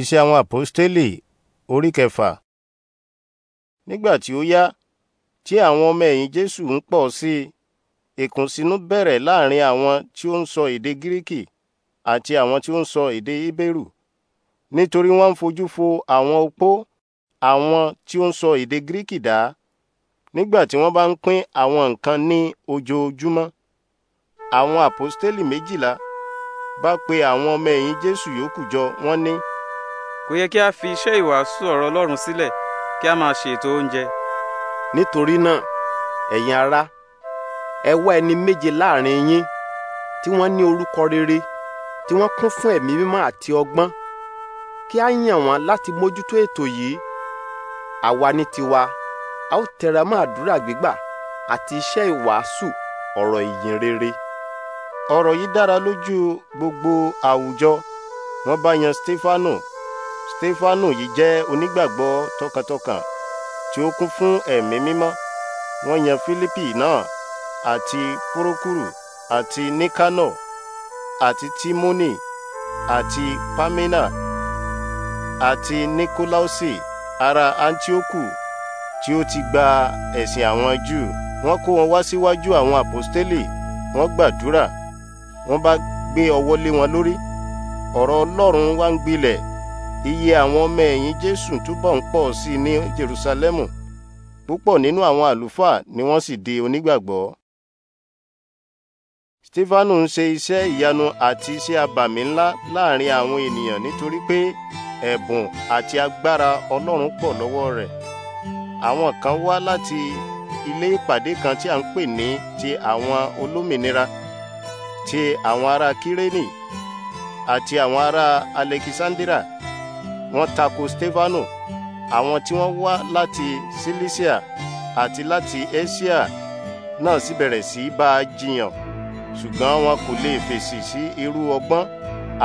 Iṣẹ́ àwọn àpọ́stélì orí kẹfà. Nígbà tí ó yá, tí àwọn ọmọ ẹ̀yìn Jésù ń pọ̀ sí i, ìkùnsínú bẹ̀rẹ̀ láàrin àwọn tí ó ń sọ èdè Gíríkì àti àwọn tí ó ń sọ èdè Hébérù, nítorí wọ́n ń fojú fo àwọn opó àwọn tí ó ń sọ èdè Gíríkì dá nígbà tí wọ́n bá ń pín àwọn nǹkan ní ojoojúmọ́. Àwọn àpọ́stélì méjìlá bá pe àwọn ọmọ ẹ̀yìn Jésù yòókù jọ, wọ́n ní kò yẹ kí a fi iṣẹ́ ìwàásù ọ̀rọ̀ Ọlọ́run sílẹ̀ kí a máa ṣètò oúnjẹ. nítorí náà ẹ̀yin ará ẹ wá ẹni méje láàrin yín tí wọ́n ní orúkọ rere tí wọ́n kún fún ẹ̀mí mímọ́ àti ọgbọ́n kí a yàn wọ́n láti mójútó ètò yìí àwa ní tiwa a ó tẹra mọ́ àdúrà gbígbà àti iṣẹ́ ìwàásù ọ̀rọ̀ ìyìn rere. ọ̀rọ̀ yìí dára lójú gbogbo àwùjọ wọ́n bá yan Stefano Stefano, yìí jẹ́ onígbàgbọ́ tọkàntọkàn tí ó kún fún ẹ̀mí mímọ́ wọ́n yan filipi náà àti purukuru àti nikano àti timoni àti pamina àti nikolausi Ara antioku tí ó ti gba ẹ̀sìn àwọn júù wọ́n kó wọn wá síwájú àwọn àpọ́stélì wọ́n gbàdúrà wọ́n bá gbé ọwọ́ lé wọn lórí ọ̀rọ̀ ọlọ́run wá ń gbilẹ̀ iye àwọn ọmọ ẹ̀yìn jésù túbọ̀ ń pọ̀ sí i ní jerúsálẹ́mù púpọ̀ nínú àwọn àlùfáà ni wọ́n sì di onígbàgbọ́ stefanu ń ṣe iṣẹ́ ìyanu àti iṣẹ́ abàmì ńlá láàrin àwọn ènìyàn nítorí pé ẹ̀bùn àti agbára ọlọ́run pọ̀ lọ́wọ́ rẹ̀ àwọn kan wá láti ilé ìpàdé kan tí a ń pè ní ti àwọn olómìnira ti àwọn ará kírénì àti àwọn ará alekisandira wọ́n tako stefano àwọn tí wọ́n wá láti cilicia àti láti asia náà sì bẹ̀rẹ̀ sí í bá a jiyàn ṣùgbọ́n wọn kò lè fèsì sí irú ọgbọ́n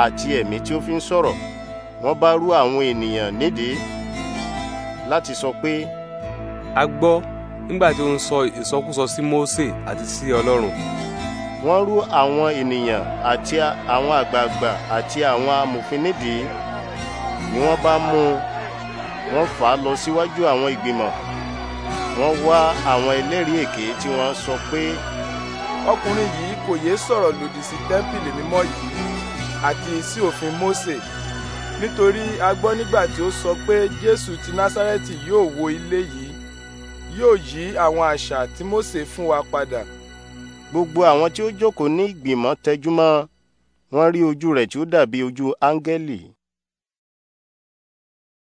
àti ẹ̀mí tí ó fi ń sọ̀rọ̀ wọ́n bá rú àwọn ènìyàn nídìí láti sọ pé. a gbọ́ nígbà tí ó ń sọ ìsọkúsọ sí Mósè àti sí Ọlọ́run. wọ́n rú àwọn ènìyàn àti àwọn àgbààgbà àti àwọn amòfin nídìí ni wọ́n bá mú un wọ́n fà á lọ síwájú àwọn ìgbìmọ̀ wọ́n wá àwọn ẹlẹ́rìí èké tí wọ́n sọ pé. ọkùnrin yìí kò yéé sọ̀rọ̀ lòdì sí tẹ́ḿpìlì mímọ́ yìí àti sí òfin Mósè nítorí a gbọ́ nígbà tí ó sọ pé Jésù ti Násárẹ́tì yóò wó ilé yìí yóò yí àwọn àṣà tí Mósè fún wa padà. gbogbo àwọn tí ó jókòó ní ìgbìmọ̀ tẹjúmọ́ wọn rí ojú rẹ̀ tí ó dàbí ojú áńgẹ́lì